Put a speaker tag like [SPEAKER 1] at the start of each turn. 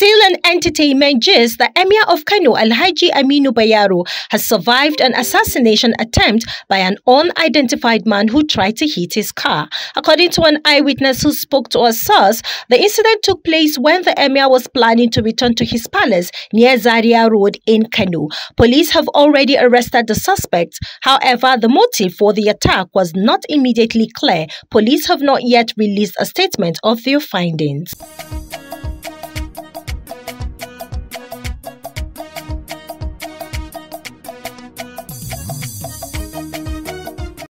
[SPEAKER 1] Still an entertainment gist, the Emir of Kano, Alhaji Aminu Bayaro, has survived an assassination attempt by an unidentified man who tried to hit his car. According to an eyewitness who spoke to us, source, the incident took place when the Emir was planning to return to his palace near Zaria Road in Kano. Police have already arrested the suspect. However, the motive for the attack was not immediately clear. Police have not yet released a statement of their findings.